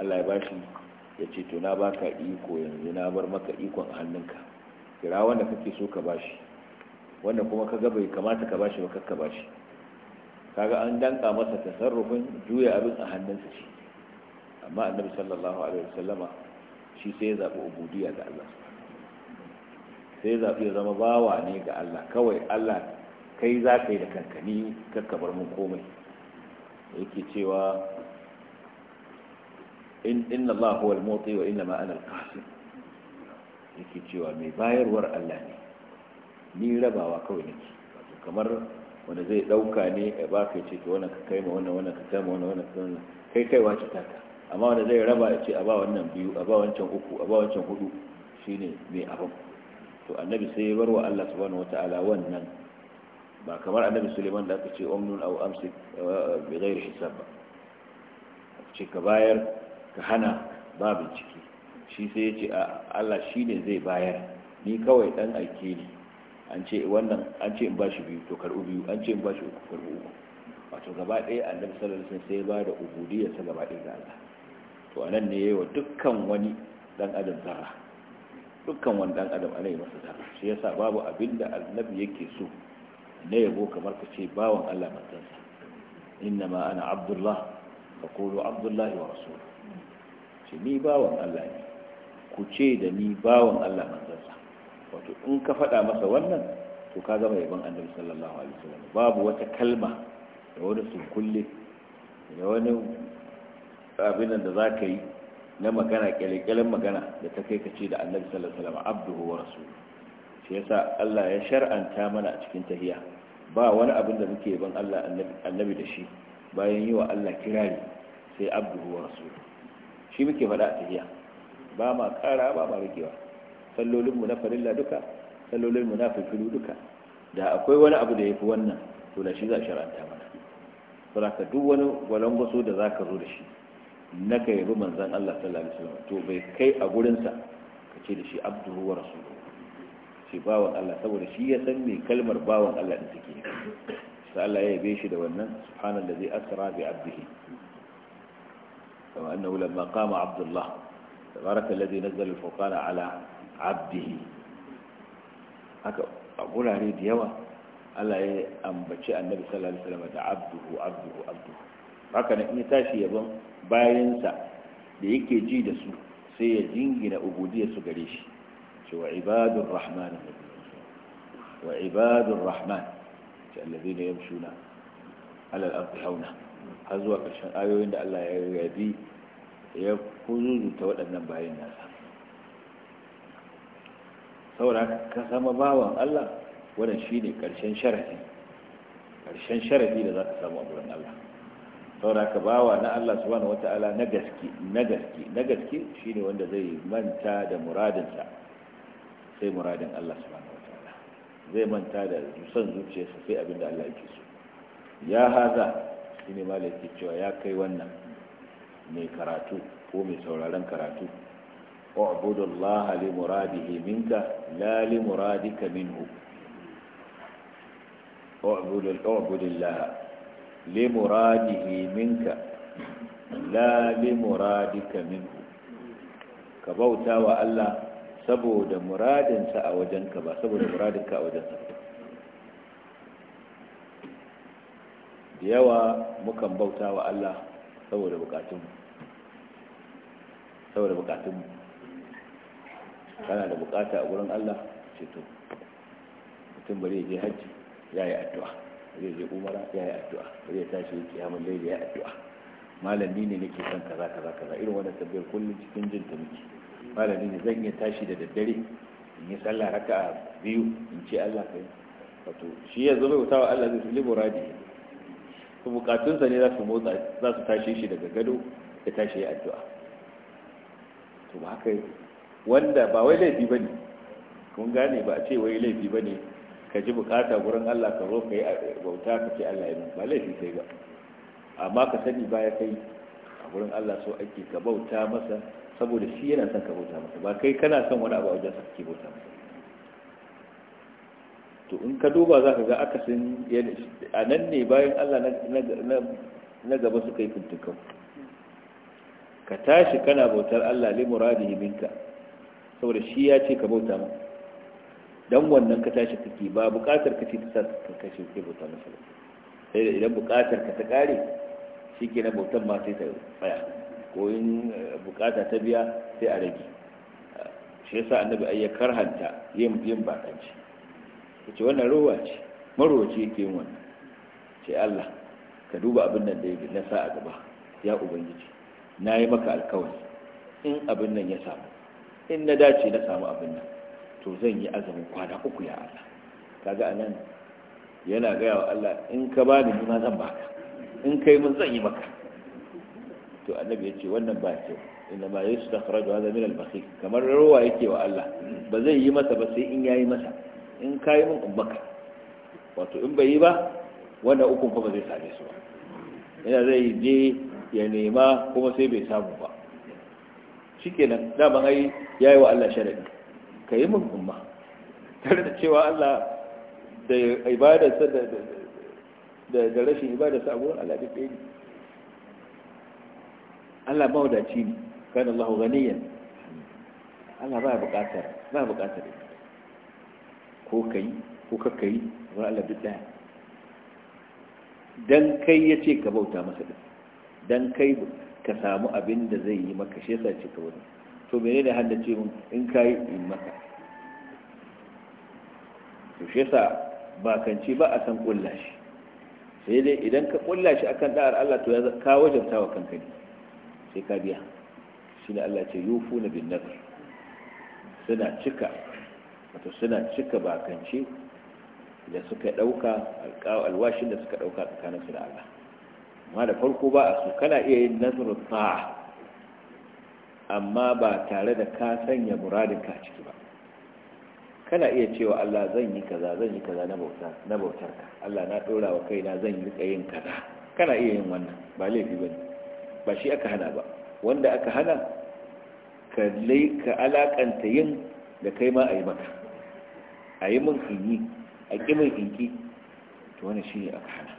Allah ya bashi ya ce to na baka iko yanzu na bar maka ikon a hannunka kira wanda kake so ka bashi wanda kuma ka ga bai kamata ka bashi ba kakka bashi kaga an danka masa tasarrufin juya abin a hannunsa ce, amma annabi sallallahu alaihi wasallama shi sai ya zabi ubudiyya ga Allah sai zaɓi ya zama bawa ne ga Allah kawai Allah kai za ka yi da kankani kakkabar mun komai yake cewa inna na huwa al motsi wa inna ma ana kasu qasim yake cewa mai bayarwar Allah ne ni rabawa kawai nake wato kamar wanda zai dauka ne ya baka ce to wannan ka kai ma wannan wannan ka kai ma wannan wannan kai wace ta ta amma wanda zai raba ya ce a ba wannan biyu a ba wancan uku a ba wancan hudu shine mai abin to annabi sai ya bar wa Allah subhanahu wataala wannan ba kamar annabi Suleiman da aka ce umnun aw amsik eh, bi ghairi hisab ba ce ka bayar ka hana ba bincike shi sai ya ce Allah shine zai bayar ni kawai dan aike ne an ce wannan an ce in bashi biyu to karbu biyu an ce in bashi uku karbu uku wato gaba ɗaya annabi sallallahu alaihi wasallam sai ba da ubudiyarsa gaba ɗaya ga Allah to anan ne yayin wa dukkan wani dan adam zara dukkan wanda dan adam ana yi masa da shi yasa babu abin da annabi yake so na yabo kamar ka ce bawan Allah manzansa innama ana abdullah fa qulu abdullahi wa rasuluhu ce ni bawan Allah ne ku ce da ni bawan Allah manzansa wato in ka faɗa masa wannan to ka zama yaban annabi sallallahu alaihi wasallam babu wata kalma da wani sunkulle da wani abin da za ka yi na magana kyalekyalen magana da ta kai kace da annabi sallallahu alaihi wasallam abduhu wa rasuluhu shi yasa Allah ya shar'anta mana a cikin tahiya ba wani abin da muke ban Allah annabi da shi bayan yi wa Allah kirari sai abduhu wa shi muke faɗa a tafiya. ba ma ƙara ba ma ragewa sallolin mu na farilla duka sallolin mu na fifilu duka da akwai wani abu da yafi wannan to da shi za a shar'anta mana saboda duk wani gwalangwaso da zaka zo da shi na ka yabi manzan Allah sallallahu alaihi wasallam to bai kai a gurinsa ka ce da shi abduhu wa rasuluhu shi bawan Allah saboda shi ya san me kalmar bawan Allah din take sai Allah ya yabe shi da wannan subhanallazi asra bi abdihi kama annahu lamma qama abdullah tabaraka allazi nazzala al-furqana ala abdihi haka a gurare da yawa Allah ya ambaci annabi sallallahu alaihi wasallam da abduhu abduhu abduhu haka ne in tashi yabon bayansa da yake ji da su sai ya jingina su gare shi wa ibadun rahman wa ibadun rahman ce allazi ne yamshuna alal ardi hauna har zuwa ƙarshen ayoyin da Allah ya yabi ya ta waɗannan bayan nasa saboda ka sama bawan Allah wannan shine ƙarshen sharafi ƙarshen sharafi da za ka samu a gurin Allah saboda ka bawa na Allah subhanahu wata'ala na gaske na gaske na gaske shine wanda zai manta da muradinsa sai muradin Allah subhanahu wata'ala zai manta da son zuciyarsa sai abinda Allah yake so ya haza shine malai ke cewa ya kai wannan mai karatu ko mai sauraron karatu wa'budu Allah li muradihi minka la li muradika minhu wa'budu Allah limuradihi minka la limuradika minhu ka bauta wa Allah saboda muradinsa a wajenka ba saboda muradinka a wajen da yawa mukan bauta wa Allah saboda bukatunmu saboda bukatun kana da bukata a wurin Allah ce to mutum bari je hajji ya yi addu'a zai je umara ya yi addu'a zai tashi ya mun laili ya yi addu'a malami ne nake son kaza kaza kaza irin wannan tabbiyar kullum cikin jin ta miki malami ne zan iya tashi da daddare in yi sallah a biyu in ce Allah kai wato shi ya zama wutawa Allah zai tuli muradi to bukatunsa ne za su motsa za su tashi shi daga gado ya tashi ya addu'a to ba haka wanda ba wai laifi bane kun gane ba a ce wai laifi bane ka ji bukata gurin Allah ka zo ka yi bauta ka ce Allah ya min. ba laifi sai ba amma ka sani baya kai a gurin Allah so ake ka bauta masa saboda shi yana son ka bauta masa ba kai kana son wani abu a wajen sa bauta masa to in ka duba za ka ga akasin a nan ne bayan Allah na gaba suka yi fintukan ka tashi kana bautar Allah limuradi minka saboda shi ya ce ka bauta masa dan wannan ka tashi kake ba bukatar ka ce ta sa ka kashe ke bauta masa sai da idan bukatar ka ta kare shi ke na bautan ma sai ta tsaya ko in eh, bukata ta biya sai a rage shi yasa annabi ayya ya karhanta yin yin bakanci ce wannan rowa ce ce yake yin wannan ce Allah ka duba abin nan da yake na sa a gaba ya ubangiji na yi maka alkawari in abin nan ya samu in na dace na samu abin nan to zan yi azumin kwana uku ya Allah kaga anan yana gaya wa Allah in ka bani ni ma zan baka in kai mun zan yi maka to annabi ya ce wannan ba ba inna ma yastakhraju hada min al-bakhil kamar ruwa yake wa Allah ba zai yi masa ba sai in yayi masa in kai mun in baka wato in bai yi ba wanda ukun fa ba zai same su ba yana zai je ya nema kuma sai bai samu ba shikenan da ban ai yayi wa Allah sharadi ka yi mun umma tare da cewa Allah da ibadarsa da da rashin ibadarsa a gurin Allah da ɗaya ne Allah mawadaci ne kan Allah ganiyan Allah ba buƙatar ba buƙatar ko kai ko ka kai wa Allah duk ɗaya dan kai yace ka bauta masa din dan kai ka samu abin da zai yi maka shi yasa ce ka wani to mene ne haddace mun in kayi yi in maka to shi yasa ci ba a san kulla shi sai dai idan ka kulla shi akan da'ar Allah to ya ka wajabta wa kanka ne sai ka biya shi ne Allah ce yufu na bin nazar suna cika wato suna cika bakanci da suka dauka alwashin da suka dauka tsakanin su da Allah amma da farko ba a so kana iya yin nazarin ta'a amma ba tare da ka sanya muradinka a ciki ba kana iya cewa Allah zan yi kaza zan yi kaza na bauta na bautarka Allah na dora wa kaina zan yi rika yin kaza kana iya yin wannan ba laifi bane ba shi aka hana ba wanda aka hana ka lai ka alakanta yin da kai ma ayi maka ayi mun kinyi a kimin inki to wannan shine aka hana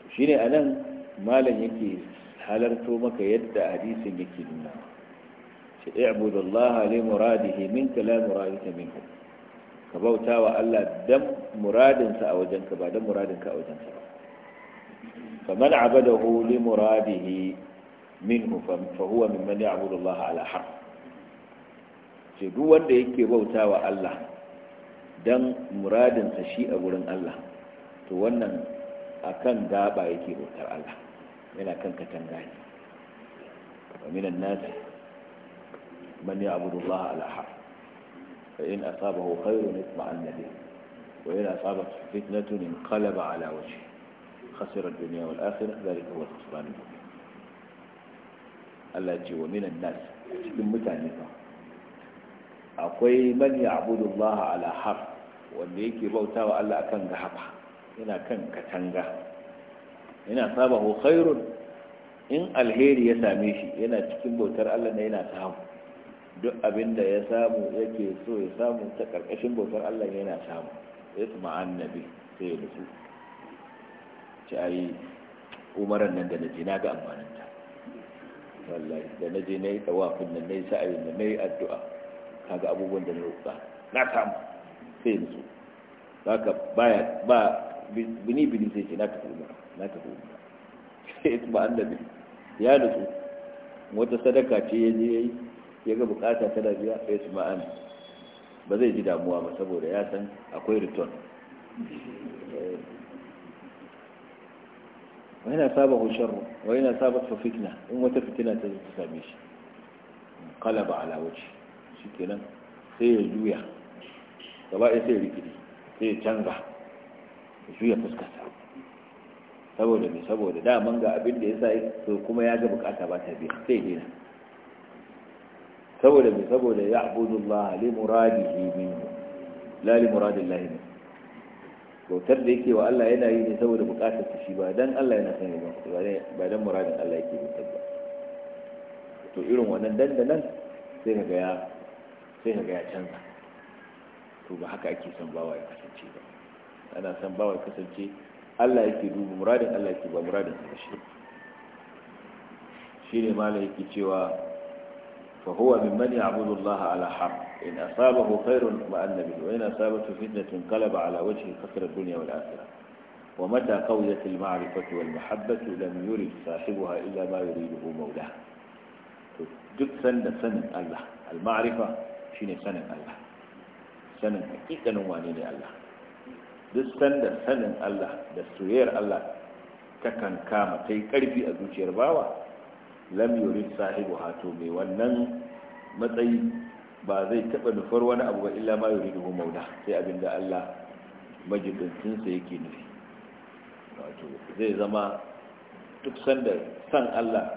to shine anan malam yake halarto maka yadda hadisin yake nuna shi i'budu Allah li muradihi minka la muradika minhu ka Allah dan a ba dan a abadahu li muradihi minhu fa huwa mimman ya'budu Allah ala ce duk wanda yake bautawa Allah dan muradinsa shi a gurin Allah to wannan akan gaba yake bautar Allah yana kan katanga ne wa minan nasi man ya'budu Allah ala haq fa in asabahu khairun itma'anna bih wa in asabathu fitnatun inqalaba ala wajhi khasira ad-dunya wal akhirah dhalika huwa al-khusran al-mubin Allah ce wa minan nas cikin mutane fa akwai man ya Allah ala haq wanda yake bautawa Allah akan gahaba. yana kan katanga yana saba ko khairun in alheri ya same shi yana cikin bautar Allah ne yana samu duk abin da ya samu yake so ya samu ta karkashin bautar Allah ne yana samu ya tsuma annabi sai ya nufi ci yi umaran nan da naji na ga amfanin ta wallahi da naje nayi tawafin nan nayi sa'ayin nan yi addu'a kaga abubuwan da na roƙa na samu sai ya nufi baya ba bini bini sai ce na tafi umara na tafi umara sai ba annabi ya nutsu wata sadaka ce ya je yayi ya ga bukata ta biya sai su ma'an ba zai ji damuwa ba saboda ya san akwai return wani na saba husharru wani na saba fa fitna in wata fitina ta zo ta same shi kalaba ala wuce shikenan sai ya juya gaba ɗaya sai ya rikidi sai ya canza juya fuskarsa saboda mai saboda daman ga abin da ya sa to kuma ya ga bukata ba ta biya sai dina saboda mai saboda ya abudu Allah li muradihi minhu la li muradillahi minhu bautar da yake wa Allah yana yi ne saboda bukatar shi ba dan Allah yana son yaban ba ba dan muradin Allah yake bautar ba to irin wannan dandanan sai kaga ya sai kaga ya canza to ba haka ake son bawa ya kasance ba ana san bawa kasance Allah yake duba muradin Allah yake ba muradin shi shine mala yake cewa fa huwa mimman ya'budu Allah ala haqq in asabahu khairun ma'anna bihi wa in asabatu fitnatun qalaba ala wajhi khasara ad-dunya wal akhirah ومتى قويت المعرفة والمحبة لم يرد صاحبها إلا ما يريده مولاه duk sanda sanin Allah al-ma'rifa shine sanin Allah sanin hakikanin wane ne Allah duk sanda sanin Allah da soyayyar Allah ta kankama ta yi ƙarfi a zuciyar bawa lam yuri sahibu hato mai wannan matsayi ba zai taɓa nufar wani abu ba illa ma yuridu maula sai abin da Allah majibincinsa yake nufi wato zai zama duk sanda san Allah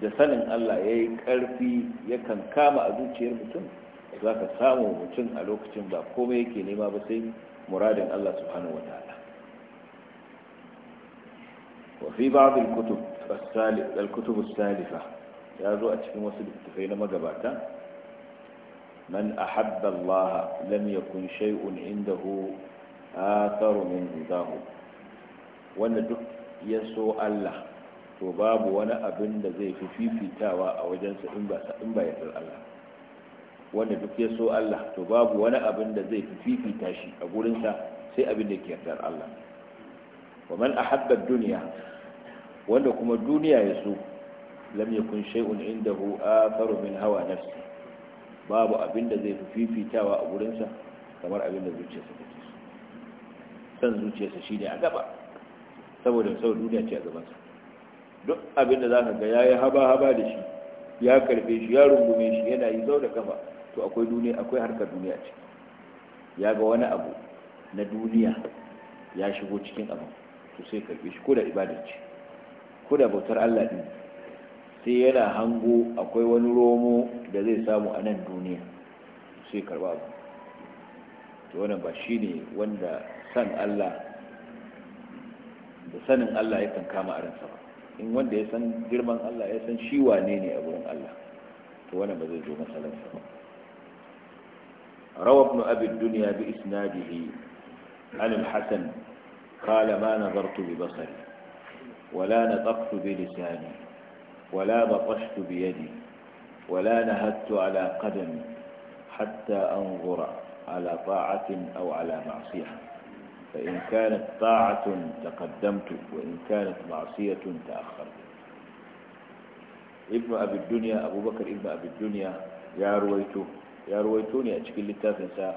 da sanin Allah ya yi ƙarfi yakan kama a zuciyar mutum za ka samu mutum a lokacin ba komai yake nema ba sai muradin Allah subhanahu wataala wa fi ba'd al-kutub al-kutub as-salifa ya zo a cikin wasu littattafai na magabata man ahabba Allah lam yakun shay'un indahu atharu min ridahu wanda duk ya so Allah to babu wani abin da zai fi fifitawa a wajensa in ba in ba Allah wanda duk ya so Allah to babu wani abin da zai fifita shi a gurinsa sai abin da ke yardar Allah wa man ahabba duniya wanda kuma duniya ya so lam yakun shay'un indahu atharu min hawa nafsi babu abin da zai fifitawa a gurinsa kamar abin da zuciyarsa take san zuciyarsa shine a gaba saboda sau duniya ce a gabansa duk abin da zaka ga ya yi haba-haba da shi ya karbe shi ya rungume shi yana yi zau da kafa to akwai duniya akwai harkar duniya ce ya ga wani abu na duniya ya shigo cikin abu to sai karbe shi ko da ibada ce ko da bautar Allah din sai yana hango akwai wani romo da zai samu a nan duniya sai karba abu to wannan ba shi ne wanda san Allah da sanin Allah ya kama a ransa ba in wanda ya san girman Allah ya san shi wane ne a wurin Allah to wannan ba zai zo masalansa ba روى ابن أبي الدنيا بإسناده عن الحسن قال ما نظرت ببصري ولا نطقت بلساني ولا بطشت بيدي ولا نهدت على قدمي حتى أنظر على طاعة أو على معصية فإن كانت طاعة تقدمت وإن كانت معصية تأخرت ابن أبي الدنيا أبو بكر ابن أبي الدنيا يا رويته ya ruwaito ne a cikin littafinsa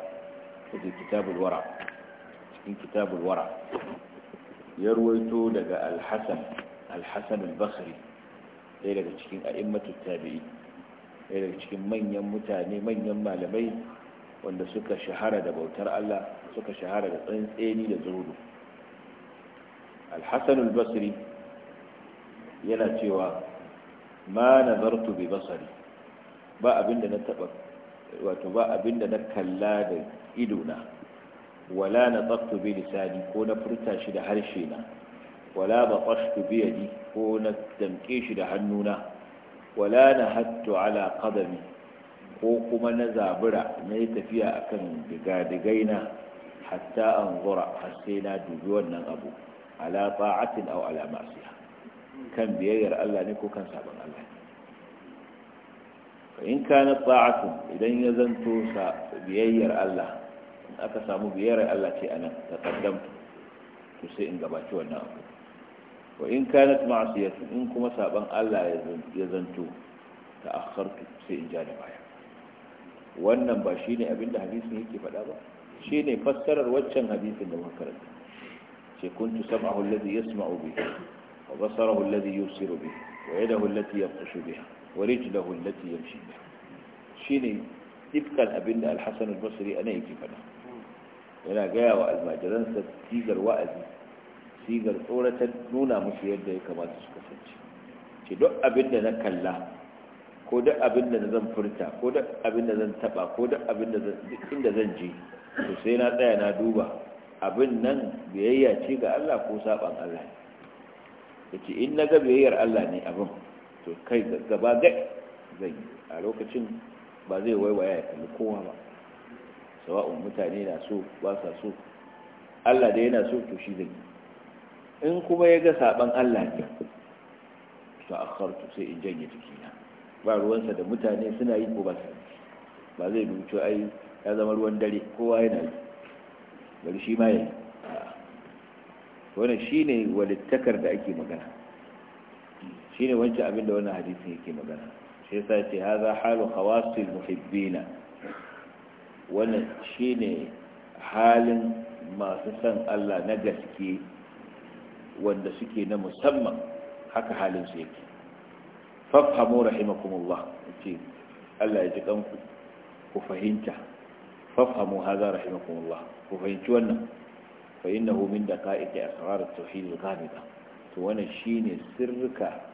da kitabul wara cikin kitabul wara ya ruwaito daga alhassan hasan al basri ɗaya daga cikin a'immatu tabi'i ɗaya daga cikin manyan mutane manyan malamai wanda suka shahara da bautar Allah suka shahara da tsantseni da zuhudu al-hasan basri yana cewa ma nazartu bi basari ba abinda na taɓa. wato ba abin da na kalla da ido na wala na tsaftu bi lisani ko na furta shi da harshe na wala ba qashtu bi yadi ko na damke shi da hannuna wala na hattu ala qadami ko kuma na zabura na yi tafiya kan digadigai na hatta an zura har sai na dubi wannan abu ala ta'atin au ala ma'siya kan biyayyar Allah ne ko kan sabon Allah ne in kana ta'atun idan ya zanto sa biyayyar Allah aka samu biyayyar Allah ce a nan ta kaddam to sai in gabaci wannan abu wa in kanat ma'siyatu in kuma saban Allah ya zanto ta akhartu sai in ja da baya wannan ba shi ne abinda hadisin yake faɗa ba shi ne fassarar waccan hadisin da muka karanta ce kuntu sam'ahu alladhi yasma'u bihi wa basarahu alladhi yusiru bihi wa yadahu allati yabtashu biha warij da hullati yamshi shi ne ifkan abin da alhassan al-basri ana yake fada yana gaya wa almajiransa sigar wa'azi sigar tsoratar nuna musu yadda ya kamata su kasance ce duk abin da na kalla ko duk abin da zan furta ko duk abin da zan taba ko duk abin da inda zan je to sai na tsaya na duba abin nan biyayya ce ga Allah ko saban Allah yace in na ga biyayyar Allah ne abin to kai gaba gai zai a lokacin ba zai waiwaya ya kalli kowa ba sawa'un mutane na so ba sa so Allah da yana so to shi zai in kuma ya ga saban Allah ne to akhartu sai in janye jikina ba ruwansa da mutane suna yi ko ba su ba zai duce ai ya zama ruwan dare kowa yana yi bari shi ma yayi wannan shine walittakar da ake magana Shi ne wancan abin da wannan hadisin yake magana shi yasa ce haza halu khawasil muhibbina wannan shi ne halin masu san Allah na gaske wanda suke na musamman haka halin su yake fafhamu rahimakumullah ce Allah ya ji kanku ku fahimta fafhamu haza rahimakumullah ku fahimci wannan fa innahu min daqa'iqi asrar at tafiyar al-ghamida to wannan shi ne sirrika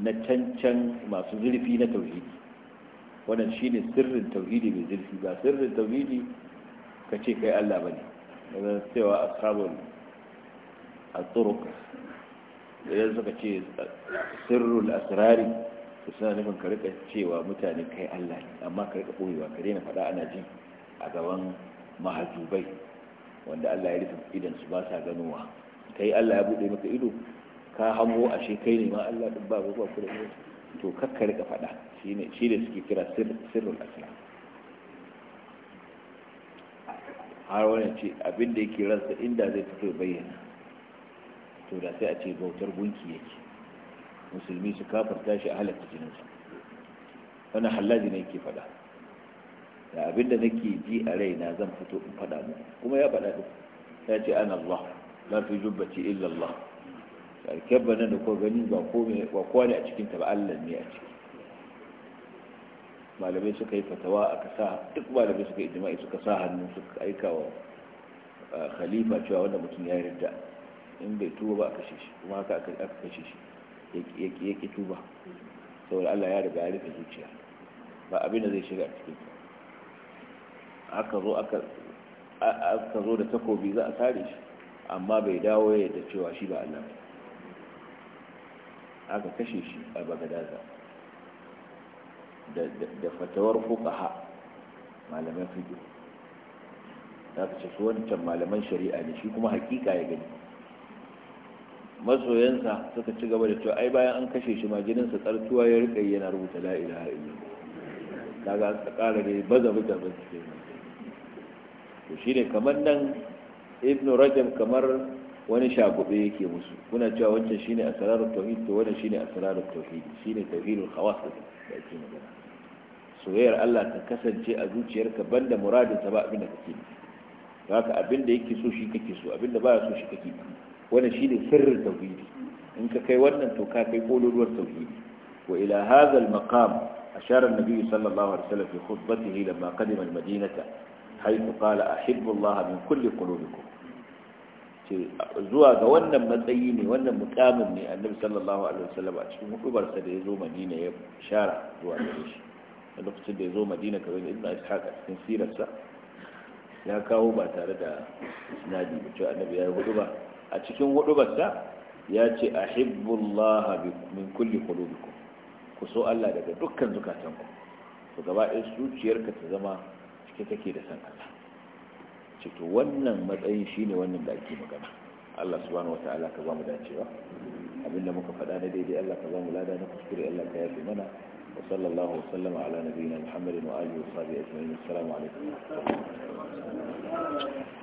na cancan masu zurfi na tauhidi wannan shine sirrin tauhidi mai zurfi ba sirrin tauhidi ka ce kai Allah ba ne zan cewa sabon a turuq idan suka ce sirrul asrari su suna nufin ka rika cewa mutane kai Allah ne amma ka rika koyewa ka daina faɗa ana jin a gaban mahajubai wanda Allah ya rufe idan su ba sa ganowa kai Allah ya buɗe maka ido ka hango ashe kai ne ma Allah din ba ba ku da ne to kakkar ka faɗa shine shi da suke kira sirrul asla har wani ce abin da yake ransa inda zai fito bayyana to da sai a ce bautar gunki yake musulmi su kafarta shi a halatta jininsa wani hallaji ne yake faɗa da abin da nake ji a raina zan fito in faɗa mu kuma ya faɗa duk? ya ce ana Allah la fi jubbaci illa Allah karken banan da ko gani ba kowa ne a cikinta ba allah ne a ciki malamai suka yi fatawa aka sa duk malamai suka yi jima'i suka sa hannu suka aika wa khalifa cewa wanda mutum ya yarda in bai tuba ba a kashe shi kuma haka aka kashe shi ya ki tuba saboda allah ya riga ya rufe zuciya ba abin da zai shiga a cikin aka zo aka zo da takobi za a sare shi amma bai dawo ya yadda cewa shi ba allah ba aka kashe shi a bagadaza da fatawar fuka malaman fiqh za ka ce su wancan malaman shari'a ne shi kuma hakika ya gani masoyansa suka ci gaba da cewa ai bayan an kashe shi ma jininsa tsartuwa ya rika yana rubuta a ilimin ta ga ta kara da baza baza baza to shine kamar nan ibn rajab kamar wani shagube yake musu kuna cewa wancan shine asrarut tauhid to wannan shine asrarut tauhid shine tauhidul khawas da ake magana soyayyar Allah ta kasance a zuciyarka banda muradin ta ba abin da kake yi haka abin da yake so shi kake so abin da baya so shi kake yi wannan shine sirrin tauhidi in ka kai wannan to ka kai kololuwar tauhidi wa ila hadha al maqam ashara an-nabi sallallahu alaihi wasallam fi khutbatihi lamma qadima al-madinata حيث قال أحب الله من كل قلوبكم zuwa ga wannan matsayi ne wannan mukamin ne annabi sallallahu alaihi wasallam a cikin sa da ya zo madina ya shara zuwa gare shi a lokacin da ya zo madina kamar ibn ishaq a cikin sirarsa ya kawo ba tare da sinadi ba to annabi ya yi huduba a cikin sa ya ce ahibbullah min kulli qulubikum ku so Allah daga dukkan zukatanku ku gaba ɗaya zuciyarka ta zama cike take da san Allah ce wannan matsayin shi ne wannan da ake magana Allah subhanahu wataala ka ba mu dacewa abinda muka faɗa na daidai Allah ka ba mu lada na kuskure Allah ka yafe mana wa sallallahu wa sallama ala nabiyyina Muhammadin wa alihi wa sahbihi ajma'in assalamu alaikum